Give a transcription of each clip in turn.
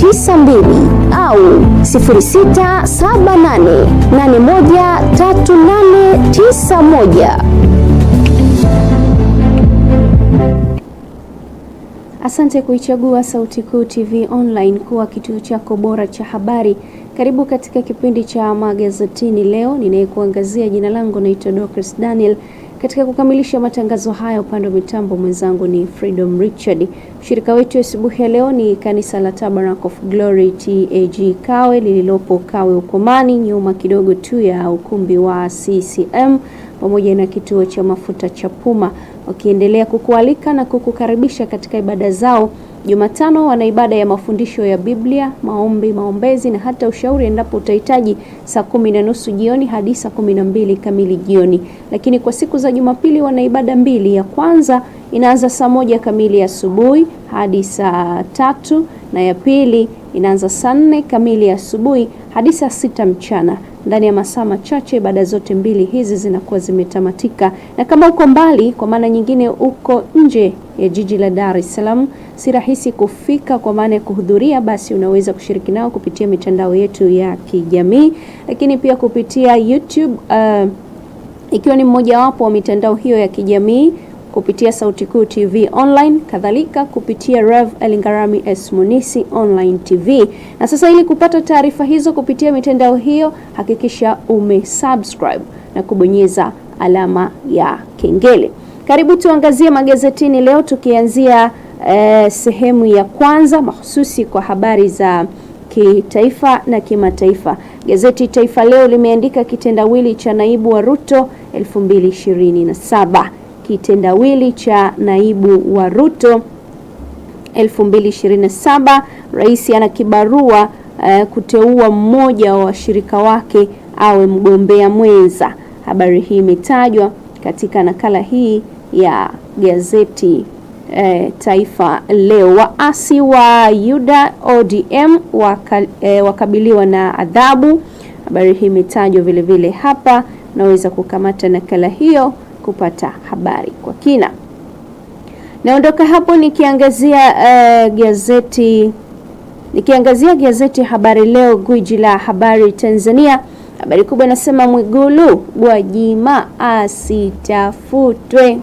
92 au 0678813891. Asante kuichagua Sauti Kuu TV Online kuwa kituo chako bora cha habari. Karibu katika kipindi cha magazetini leo, ninayekuangazia jina langu naitwa Dorcas Daniel. Katika kukamilisha matangazo haya upande wa mitambo mwenzangu ni Freedom Richard. Shirika wetu asubuhi ya leo ni kanisa la Tabernacle of Glory TAG Kawe lililopo Kawe Ukomani, nyuma kidogo tu ya ukumbi wa CCM pamoja na kituo cha mafuta cha Puma, wakiendelea kukualika na kukukaribisha katika ibada zao Jumatano wana ibada ya mafundisho ya Biblia, maombi, maombezi na hata ushauri endapo utahitaji, saa kumi na nusu jioni hadi saa kumi na mbili kamili jioni. Lakini kwa siku za Jumapili wana ibada mbili, ya kwanza inaanza saa moja kamili asubuhi hadi saa tatu na ya pili inaanza saa nne kamili asubuhi hadi saa sita mchana. Ndani ya masaa machache ibada zote mbili hizi zinakuwa zimetamatika, na kama uko mbali, kwa maana nyingine uko nje ya jiji la Dar es Salaam, si rahisi kufika kwa maana ya kuhudhuria, basi unaweza kushiriki nao kupitia mitandao yetu ya kijamii, lakini pia kupitia YouTube uh, ikiwa ni mmojawapo wa mitandao hiyo ya kijamii kupitia Sauti Kuu TV online, kadhalika kupitia Rev Elingarami S Munisi online TV. Na sasa ili kupata taarifa hizo kupitia mitandao hiyo, hakikisha umesubscribe na kubonyeza alama ya kengele. Karibu tuangazie magazetini leo, tukianzia eh, sehemu ya kwanza mahususi kwa habari za kitaifa na kimataifa. Gazeti Taifa Leo limeandika kitendawili cha naibu wa Ruto 2027 kitendawili cha naibu wa Ruto 2027. Rais ana kibarua uh, kuteua mmoja wa washirika wake awe mgombea mwenza. Habari hii imetajwa katika nakala hii ya gazeti eh, Taifa Leo. Waasi wa Yuda ODM waka, eh, wakabiliwa na adhabu. Habari hii imetajwa vile vile hapa, naweza kukamata nakala hiyo kupata habari kwa kina. Naondoka hapo nikiangazia uh, gazeti nikiangazia gazeti Habari Leo, gwiji la habari Tanzania. Habari kubwa inasema Mwigulu Gwajima asitafutwe.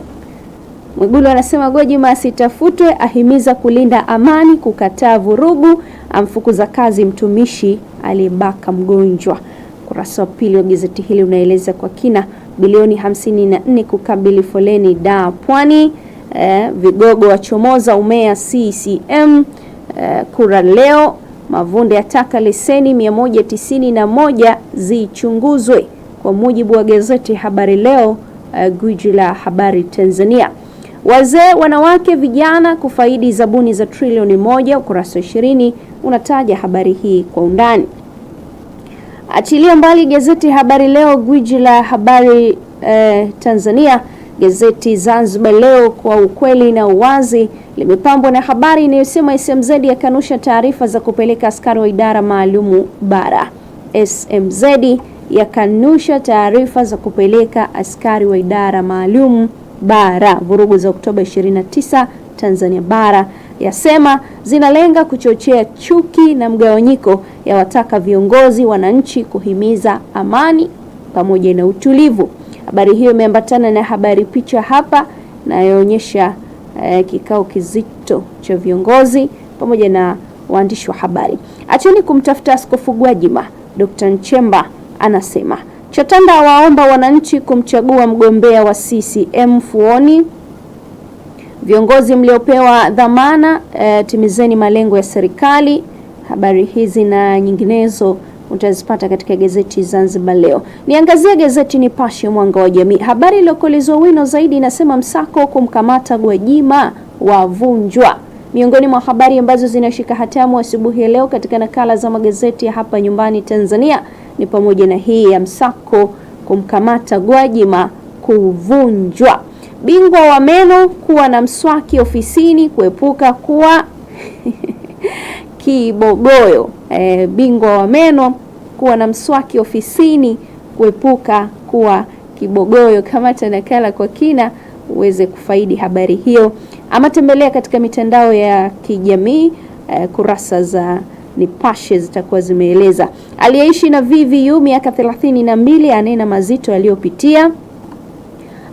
Mwigulu anasema Gwajima asitafutwe, ahimiza kulinda amani, kukataa vurugu, amfukuza kazi mtumishi aliyebaka mgonjwa. Ukurasa wa pili wa gazeti hili unaeleza kwa kina bilioni 54 kukabili foleni da Pwani. Eh, vigogo wachomoza umea CCM. Eh, kura leo. Mavunde taka leseni 191 zichunguzwe kwa mujibu wa gazeti Habari Leo, eh, gwiji la habari Tanzania. Wazee, wanawake, vijana kufaidi zabuni za trilioni moja. Ukurasa 20 unataja habari hii kwa undani. Achilia mbali gazeti Habari Leo, gwiji la habari eh, Tanzania, gazeti Zanzibar Leo kwa ukweli na uwazi limepambwa na habari inayosema SMZ yakanusha taarifa za kupeleka askari wa idara maalumu bara. SMZ yakanusha taarifa za kupeleka askari wa idara maalumu bara. Vurugu za Oktoba 29 Tanzania bara yasema zinalenga kuchochea chuki na mgawanyiko, yawataka viongozi wananchi kuhimiza amani pamoja na utulivu. Habari hiyo imeambatana na habari picha hapa inayoonyesha eh, kikao kizito cha viongozi pamoja na waandishi wa habari. Acheni kumtafuta Askofu Gwajima, Dr. Nchemba anasema. Chatanda waomba wananchi kumchagua mgombea wa CCM Fuoni Viongozi mliopewa dhamana e, timizeni malengo ya serikali. Habari hizi na nyinginezo utazipata katika gazeti Zanzibar Leo. Niangazie gazeti Nipashe Mwanga wa Jamii, habari iliyokolezwa wino zaidi inasema msako kumkamata Gwajima wavunjwa. Miongoni mwa habari ambazo zinashika hatamu asubuhi ya leo katika nakala za magazeti ya hapa nyumbani Tanzania ni pamoja na hii ya msako kumkamata Gwajima kuvunjwa bingwa wa meno, kuwa na mswaki ofisini, kuepuka kuwa kibogoyo. E, bingwa wa meno, kuwa na mswaki ofisini, kuepuka kuwa kibogoyo. Kamata nakala kwa kina uweze kufaidi habari hiyo, ama tembelea katika mitandao ya kijamii e, kurasa za Nipashe zitakuwa zimeeleza. Aliyeishi na VVU miaka thelathini na mbili anena mazito aliyopitia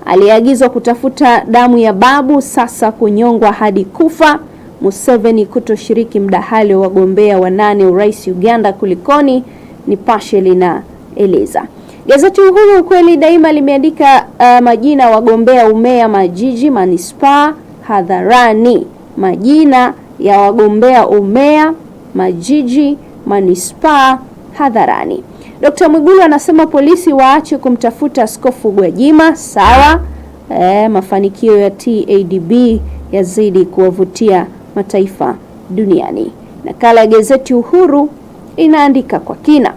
aliyeagizwa kutafuta damu ya babu sasa kunyongwa hadi kufa. Museveni kutoshiriki mdahalo wa wagombea wanane urais Uganda, kulikoni? Nipashe linaeleza. Gazeti Uhuru ukweli daima limeandika uh, majina wagombea umea majiji manispaa hadharani. Majina ya wagombea umea majiji manispaa hadharani. Dkt. Mwigulu anasema polisi waache kumtafuta Askofu Gwajima. Sawa e, mafanikio ya TADB yazidi kuwavutia mataifa duniani. Nakala ya gazeti Uhuru inaandika kwa kina.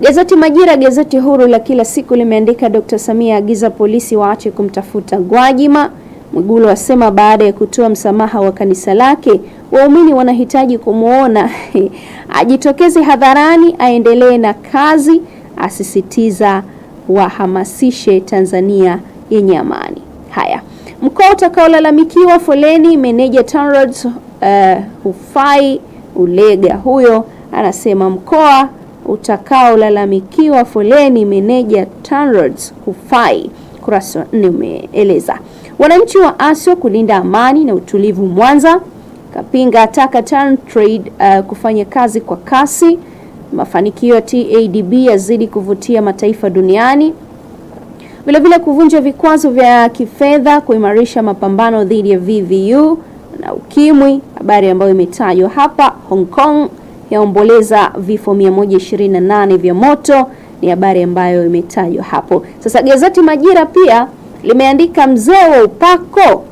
Gazeti Majira, gazeti huru la kila siku, limeandika Dkt. Samia aagiza polisi waache kumtafuta Gwajima. Mwigulu asema baada ya kutoa msamaha wa kanisa lake, waumini wanahitaji kumwona ajitokeze hadharani, aendelee na kazi, asisitiza wahamasishe Tanzania yenye amani. Haya, mkoa utakaolalamikiwa foleni, meneja TANROADS hufai. Eh, Ulega huyo anasema mkoa utakaolalamikiwa foleni, meneja TANROADS hufai. Kurasa wa nne umeeleza Wananchi wa ASO kulinda amani na utulivu Mwanza. Kapinga ataka TanTrade uh, kufanya kazi kwa kasi. Mafanikio ya TADB yazidi kuvutia mataifa duniani. Vilevile kuvunja vikwazo vya kifedha kuimarisha mapambano dhidi ya VVU na ukimwi, habari ambayo imetajwa hapa. Hong Kong yaomboleza vifo 128 vya moto, ni habari ambayo imetajwa hapo. Sasa gazeti Majira pia limeandika mzee wa upako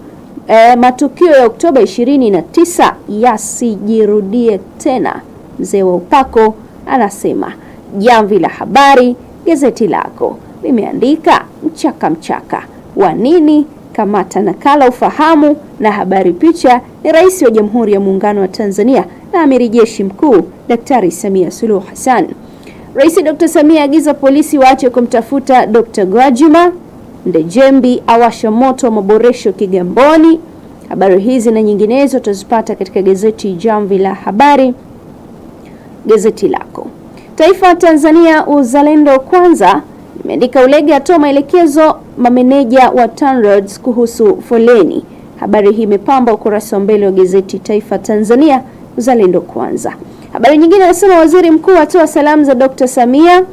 e, matukio ya Oktoba 29 yasijirudie tena. Mzee wa upako anasema. Jamvi la Habari, gazeti lako limeandika mchaka mchaka wa nini? Kamata nakala ufahamu. Na habari picha ni Rais wa Jamhuri ya Muungano wa Tanzania na Amiri Jeshi Mkuu Daktari Samia Suluhu Hassan. Rais Dr. Samia agiza polisi waache kumtafuta Dr. Gwajima. Ndejembi awasha moto maboresho Kigamboni. Habari hizi na nyinginezo utazipata katika gazeti Jamvi la Habari, gazeti lako Taifa Tanzania, uzalendo kwanza, imeandika Ulege atoa maelekezo mameneja wa TANROADS kuhusu foleni. Habari hii imepamba ukurasa wa mbele wa gazeti Taifa Tanzania, uzalendo kwanza. Habari nyingine anasema waziri mkuu atoa salamu za Dr. Samia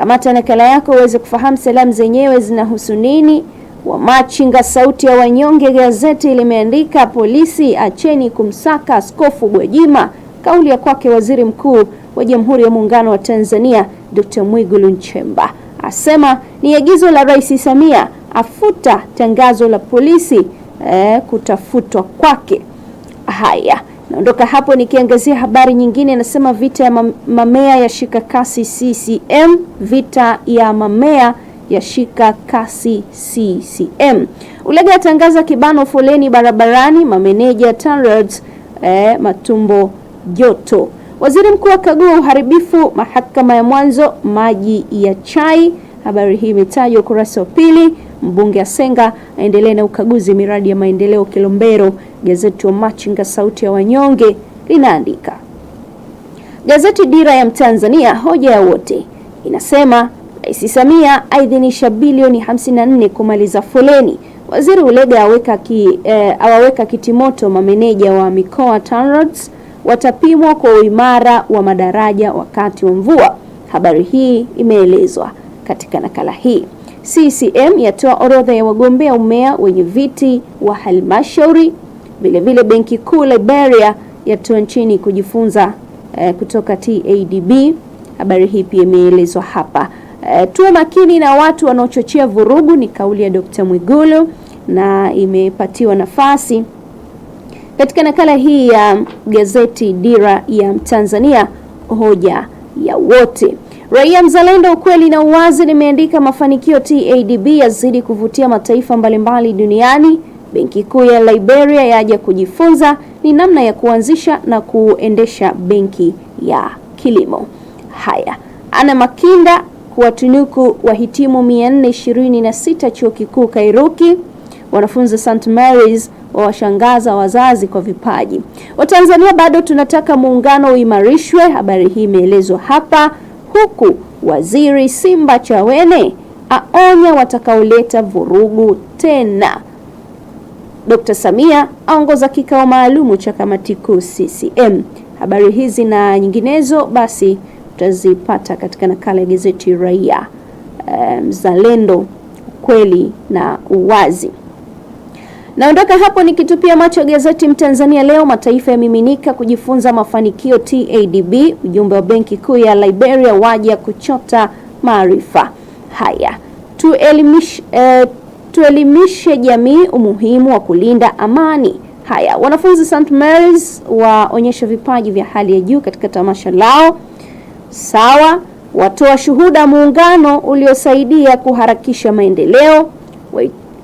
Kamata nakala yako uweze kufahamu salamu zenyewe zinahusu nini. wa machinga sauti ya wanyonge, gazeti limeandika polisi, acheni kumsaka Askofu Gwajima, kauli ya kwake Waziri Mkuu wa Jamhuri ya Muungano wa Tanzania Dr. Mwigulu Nchemba asema ni agizo la Rais Samia, afuta tangazo la polisi eh, kutafutwa kwake. Haya, Naondoka hapo nikiangazia habari nyingine, nasema vita ya mamea ya shika kasi CCM. Vita ya mamea ya shika kasi CCM. Ulega atangaza kibano foleni barabarani, mameneja TANROADS eh, matumbo joto. Waziri mkuu akagua uharibifu mahakama ya mwanzo maji ya chai. Habari hii imetajwa ukurasa wa pili. Mbunge Asenga aendelee na ukaguzi miradi ya maendeleo Kilombero Gazeti wa Machinga, sauti ya wanyonge, linaandika gazeti Dira ya Mtanzania, hoja ya wote, inasema Rais Samia aidhinisha bilioni 54 kumaliza foleni. Waziri Ulega aweka ki, eh, awaweka kitimoto mameneja wa mikoa TANROADS watapimwa kwa uimara wa madaraja wakati wa mvua. Habari hii imeelezwa katika nakala hii. CCM yatoa orodha ya wagombea umea wenye viti wa halmashauri Vilevile benki kuu Liberia yatua nchini kujifunza eh, kutoka TADB. Habari hii pia imeelezwa hapa. Eh, tuwe makini na watu wanaochochea vurugu ni kauli ya Dkt. Mwigulu na imepatiwa nafasi katika nakala hii ya gazeti Dira ya Tanzania, hoja ya wote. Raia Mzalendo, ukweli na uwazi limeandika mafanikio TADB yazidi kuvutia mataifa mbalimbali duniani. Benki Kuu ya Liberia yaja kujifunza ni namna ya kuanzisha na kuendesha benki ya kilimo. Haya, ana Makinda kuwatunuku wahitimu 426 Chuo Kikuu Kairuki. Wanafunzi St Mary's wawashangaza wazazi kwa vipaji. Watanzania bado tunataka muungano uimarishwe, habari hii imeelezwa hapa, huku Waziri Simba Chawene aonya watakaoleta vurugu tena. Dkt. Samia aongoza kikao maalumu cha kamati kuu CCM. Habari hizi na nyinginezo basi utazipata katika nakala ya gazeti Raia eh, Mzalendo, um, ukweli na uwazi. Naondoka hapo nikitupia macho gazeti Mtanzania leo, mataifa yamiminika kujifunza mafanikio TADB, ujumbe wa benki kuu ya Liberia waja kuchota maarifa haya tuelimishe eh, tuelimishe jamii umuhimu wa kulinda amani. Haya, wanafunzi St Mary's waonyesha vipaji vya hali ya juu katika tamasha lao. Sawa, watoa shuhuda muungano uliosaidia kuharakisha maendeleo.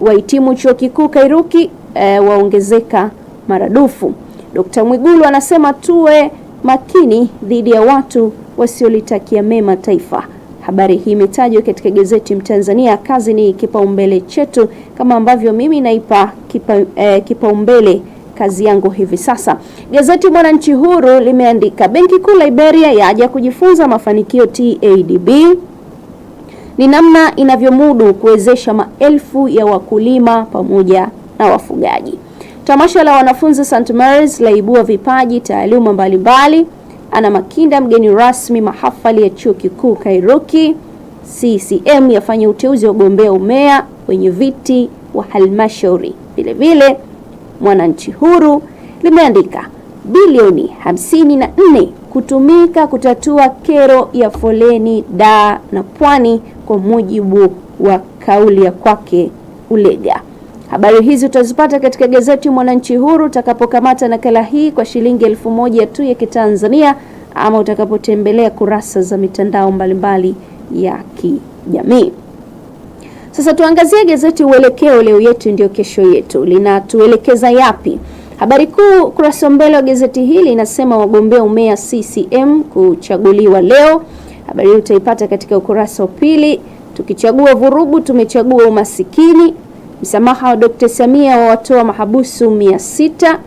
Wahitimu chuo kikuu Kairuki e, waongezeka maradufu. Dkt Mwigulu anasema tuwe makini dhidi ya watu wasiolitakia mema taifa. Habari hii imetajwa katika gazeti Mtanzania. Kazi ni kipaumbele chetu, kama ambavyo mimi naipa eh, kipaumbele eh, kipa kazi yangu hivi sasa. Gazeti Mwananchi Huru limeandika Benki Kuu Liberia yaja kujifunza mafanikio TADB ni namna inavyomudu kuwezesha maelfu ya wakulima pamoja na wafugaji. Tamasha la wanafunzi St Mary's laibua vipaji taaluma mbalimbali. Ana Makinda, mgeni rasmi mahafali ya Chuo Kikuu Kairuki. CCM yafanya uteuzi wa gombea umea wenye viti wa halmashauri. Vilevile Mwananchi Huru limeandika bilioni 54 kutumika kutatua kero ya foleni Dar na Pwani, kwa mujibu wa kauli ya kwake Ulega. Habari hizi utazipata katika gazeti Mwananchi Huru utakapokamata nakala hii kwa shilingi elfu moja tu ya Kitanzania ama utakapotembelea kurasa za mitandao mbalimbali ya kijamii. Sasa tuangazie gazeti Uelekeo, leo yetu ndio kesho yetu, linatuelekeza yapi? Habari kuu ukurasa wa mbele wa gazeti hili inasema wagombea umea CCM kuchaguliwa leo. Habari hii utaipata katika ukurasa wa pili. Tukichagua vurugu tumechagua umasikini. Msamaha wa Dr. Samia wawatoa mahabusu mia sita.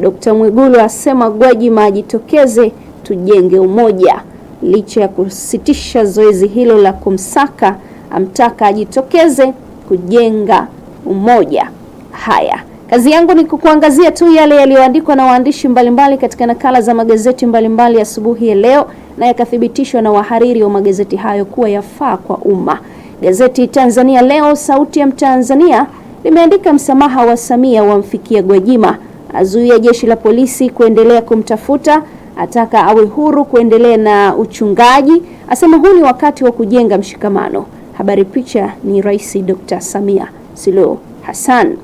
Dkt. Mwigulu asema Gwajima ajitokeze tujenge umoja. Licha ya kusitisha zoezi hilo la kumsaka, amtaka ajitokeze kujenga umoja. Haya, kazi yangu ni kukuangazia tu yale yaliyoandikwa na waandishi mbalimbali katika nakala za magazeti mbalimbali asubuhi ya leo na yakathibitishwa na wahariri wa magazeti hayo kuwa yafaa kwa umma. Gazeti Tanzania Leo sauti ya Mtanzania limeandika msamaha wa Samia wamfikia Gwajima, azuia jeshi la polisi kuendelea kumtafuta, ataka awe huru kuendelea na uchungaji, asema huu ni wakati wa kujenga mshikamano. Habari picha ni Rais Dr. Samia Suluhu Hassan.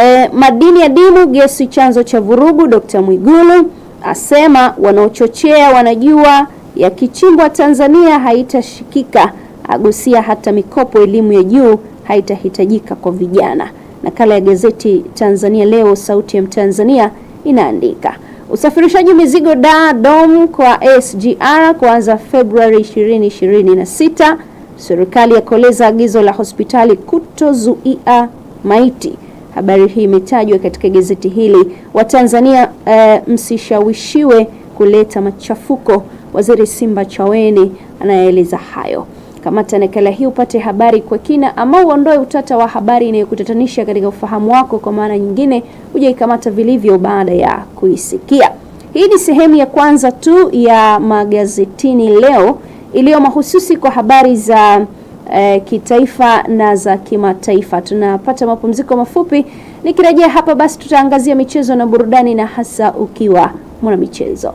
E, madini ya dimu gesi chanzo cha vurugu. Dr. Mwigulu asema wanaochochea wanajua yakichimbwa Tanzania haitashikika agusia hata mikopo elimu ya juu haitahitajika kwa vijana. Nakala ya gazeti Tanzania Leo, sauti ya Mtanzania inaandika usafirishaji mizigo da Dom kwa SGR kuanza Februari 2026. Serikali yakoleza agizo la hospitali kutozuia maiti. Habari hii imetajwa katika gazeti hili. Watanzania e, msishawishiwe kuleta machafuko. Waziri Simba Chaweni anaeleza hayo. Kamata nakala hii upate habari kwa kina, ama uondoe utata wa habari inayokutatanisha katika ufahamu wako, kwa maana nyingine hujaikamata vilivyo baada ya kuisikia. Hii ni sehemu ya kwanza tu ya magazetini leo iliyo mahususi kwa habari za e, kitaifa na za kimataifa. Tunapata mapumziko mafupi, nikirejea hapa basi tutaangazia michezo na burudani, na hasa ukiwa mwana michezo.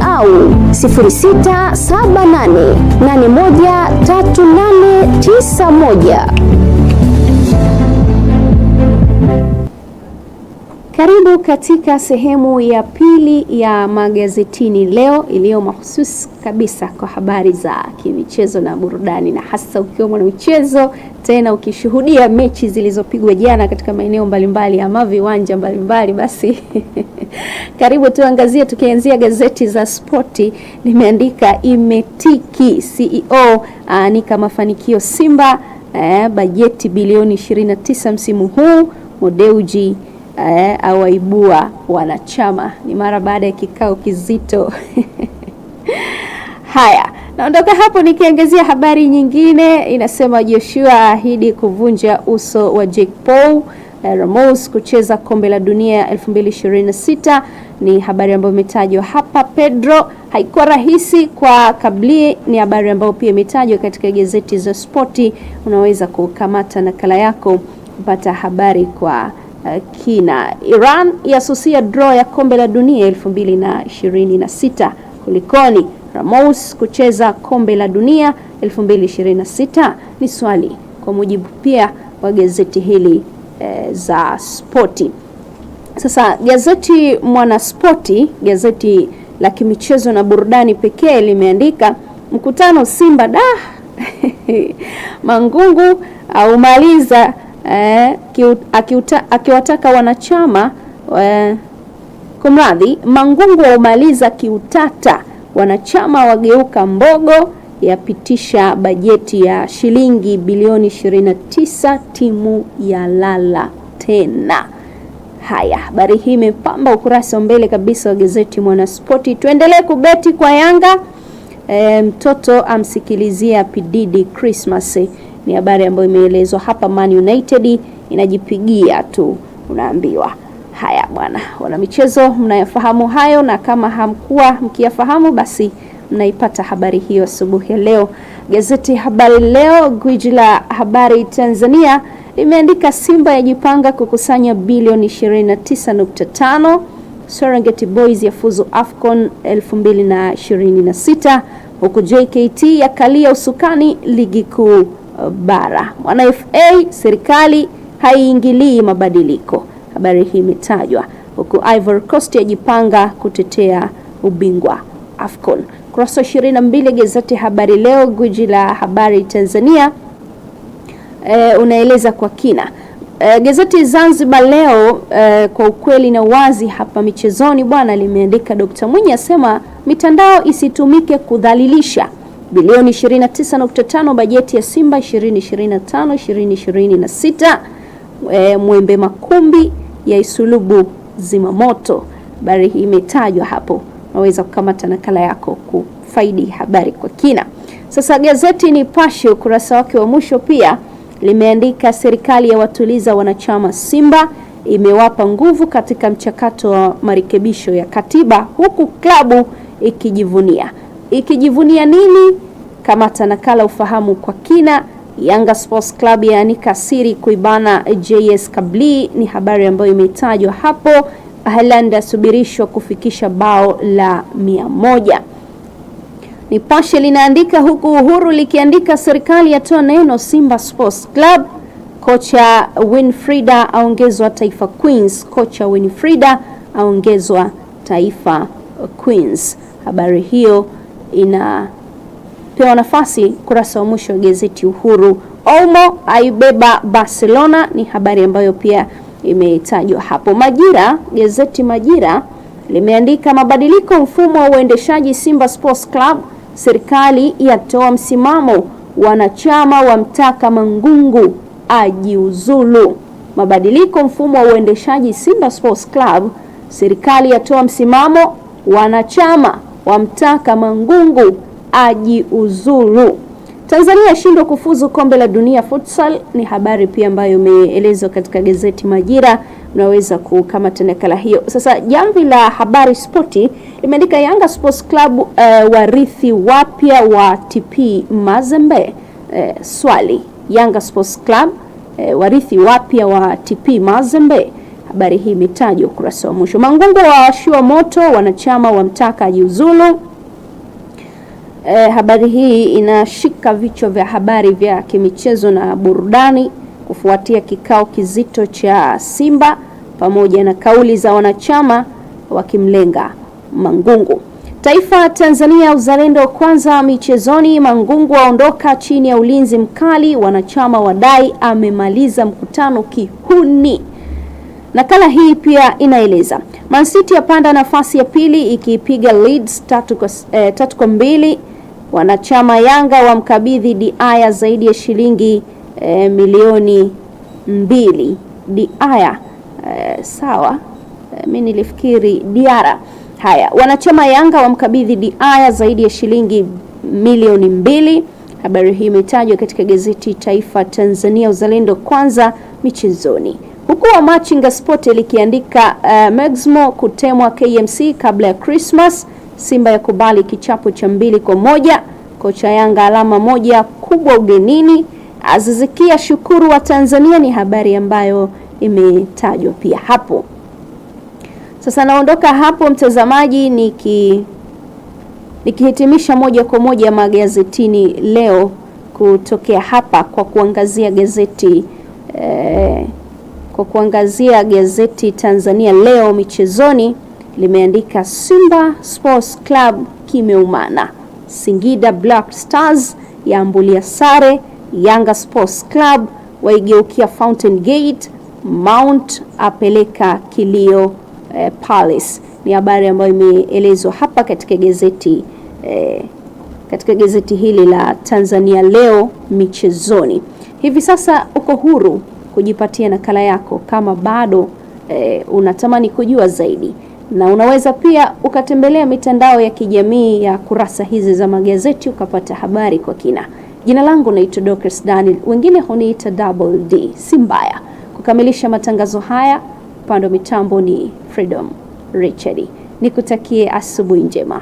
au 0678813891. Karibu katika sehemu ya pili ya magazetini leo iliyo mahususi kabisa kwa habari za kimichezo na burudani, na hasa ukiwa michezo tena ukishuhudia mechi zilizopigwa jana katika maeneo mbalimbali ama viwanja mbalimbali, basi karibu tuangazie, tukianzia gazeti za spoti limeandika imetiki CEO aanika mafanikio Simba eh, bajeti bilioni 29 msimu huu Modeuji eh, awaibua wanachama. Ni mara baada ya kikao kizito haya. Naondoka hapo nikiangazia habari nyingine inasema, Joshua aahidi kuvunja uso wa Jake Paul. Eh, Ramos kucheza kombe la dunia 2026 ni habari ambayo imetajwa hapa. Pedro haikuwa rahisi kwa Kabli ni habari ambayo pia imetajwa katika gazeti za spoti. Unaweza kukamata nakala yako kupata habari kwa Eh, kina. Iran yasusia draw ya kombe la dunia 2026. Kulikoni Ramos kucheza kombe la dunia 2026? Ni swali kwa mujibu pia wa gazeti hili e, za spoti. Sasa gazeti Mwanaspoti, gazeti la kimichezo na burudani pekee, limeandika mkutano Simba da Mangungu aumaliza eh, akiwataka wanachama eh, kumradhi, Mangungu waumaliza kiutata, wanachama wageuka mbogo, yapitisha bajeti ya shilingi bilioni 29, timu ya lala tena. Haya, habari hii imepamba ukurasa wa mbele kabisa wa gazeti Mwanaspoti. Tuendelee kubeti kwa Yanga. E, mtoto amsikilizia Pididi Christmas. Ni habari ambayo imeelezwa hapa. Man United inajipigia tu, unaambiwa haya bwana. Wana michezo, mnayafahamu hayo, na kama hamkuwa mkiyafahamu basi mnaipata habari hiyo asubuhi ya leo. Gazeti Habari Leo, gwiji la habari Tanzania, limeandika Simba yajipanga kukusanya bilioni 29.5. Serengeti Boys yafuzu Afcon 2026, huku JKT yakalia usukani ligi kuu. Eh, bara. Mwana FA, serikali haiingilii mabadiliko, habari hii imetajwa huku Ivory Coast yajipanga kutetea ubingwa Afcon. Kurasa 22 gazeti Habari Leo, guji la habari Tanzania, e, unaeleza kwa kina e, gazeti Zanzibar Leo e, kwa ukweli na uwazi hapa michezoni bwana limeandika Dr. Mwinyi asema mitandao isitumike kudhalilisha bilioni 29.5 bajeti ya Simba 2025 2026. E, Mwembe Makumbi ya isulubu zimamoto. Habari hii imetajwa hapo, unaweza kukamata nakala yako kufaidi habari kwa kina. Sasa gazeti Nipashe ukurasa wake wa mwisho pia limeandika serikali ya watuliza wanachama Simba imewapa nguvu katika mchakato wa marekebisho ya katiba huku klabu ikijivunia ikijivunia nini? Kamata nakala ufahamu kwa kina. Yanga Sports Club yaanika siri kuibana JS Kabli, ni habari ambayo imetajwa hapo. Haaland asubirishwa kufikisha bao la mia moja. Nipashe linaandika huku Uhuru likiandika serikali yatoa neno Simba Sports Club, kocha Winfrida aongezwa Taifa Queens. Kocha Winfrida aongezwa Taifa Queens. Habari hiyo inapewa nafasi kurasa wa mwisho wa gazeti Uhuru. Olmo aibeba Barcelona ni habari ambayo pia imetajwa hapo. Majira, gazeti Majira limeandika mabadiliko mfumo wa uendeshaji Simba Sports Club, serikali yatoa msimamo, wanachama wamtaka Mangungu ajiuzulu. Mabadiliko mfumo wa uendeshaji Simba Sports Club, serikali yatoa msimamo, wanachama wamtaka Mangungu ajiuzulu. Tanzania yashindwa kufuzu kombe la dunia futsal, ni habari pia ambayo imeelezwa katika gazeti Majira. Unaweza kukamata nakala hiyo. Sasa jamvi la habari spoti limeandika Yanga Sports Club uh, warithi wapya wa TP Mazembe. Uh, swali Yanga Sports Club uh, warithi wapya wa TP Mazembe. Habari hii imetajwa ukurasa wa mwisho. Mangungu wawashiwa moto, wanachama wamtaka ajiuzulu. E, habari hii inashika vichwa vya habari vya kimichezo na burudani kufuatia kikao kizito cha Simba pamoja na kauli za wanachama wakimlenga Mangungu. Taifa Tanzania, uzalendo kwanza michezoni. Mangungu aondoka chini ya ulinzi mkali, wanachama wadai amemaliza mkutano kihuni. Nakala hii pia inaeleza Man City yapanda nafasi ya pili ikipiga Leeds tatu kwa eh, tatu kwa mbili. Wanachama Yanga wamkabidhi Diaya zaidi ya shilingi eh, milioni mbili. Diaya eh, sawa eh, mi nilifikiri Diara. Haya, wanachama Yanga wamkabidhi Diaya zaidi ya shilingi milioni mbili. Habari hii imetajwa katika gazeti Taifa Tanzania Uzalendo Kwanza michezoni huku machinga Sport likiandika uh, Megsmo kutemwa KMC kabla ya Christmas. Simba ya kubali kichapo cha mbili kwa moja. Kocha Yanga alama moja kubwa ugenini. Azizikia shukuru wa Tanzania ni habari ambayo imetajwa pia hapo. Sasa naondoka hapo mtazamaji, niki nikihitimisha moja kwa moja magazetini leo kutokea hapa kwa kuangazia gazeti eh, kwa kuangazia gazeti Tanzania Leo michezoni, limeandika Simba Sports Club kimeumana, Singida Black Stars yaambulia sare, Yanga Sports Club waigeukia Fountain Gate, Mount apeleka kilio eh, Palace. Ni habari ambayo imeelezwa hapa katika gazeti eh, katika gazeti hili la Tanzania Leo michezoni. Hivi sasa uko huru kujipatia nakala yako kama bado e, unatamani kujua zaidi, na unaweza pia ukatembelea mitandao ya kijamii ya kurasa hizi za magazeti ukapata habari kwa kina. Jina langu naitwa Dorcas Daniel, wengine huniita Double D, si mbaya. Kukamilisha matangazo haya, upande wa mitambo ni Freedom Richard. Nikutakie asubuhi njema.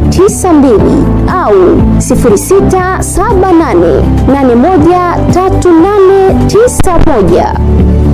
292 au 0678813891.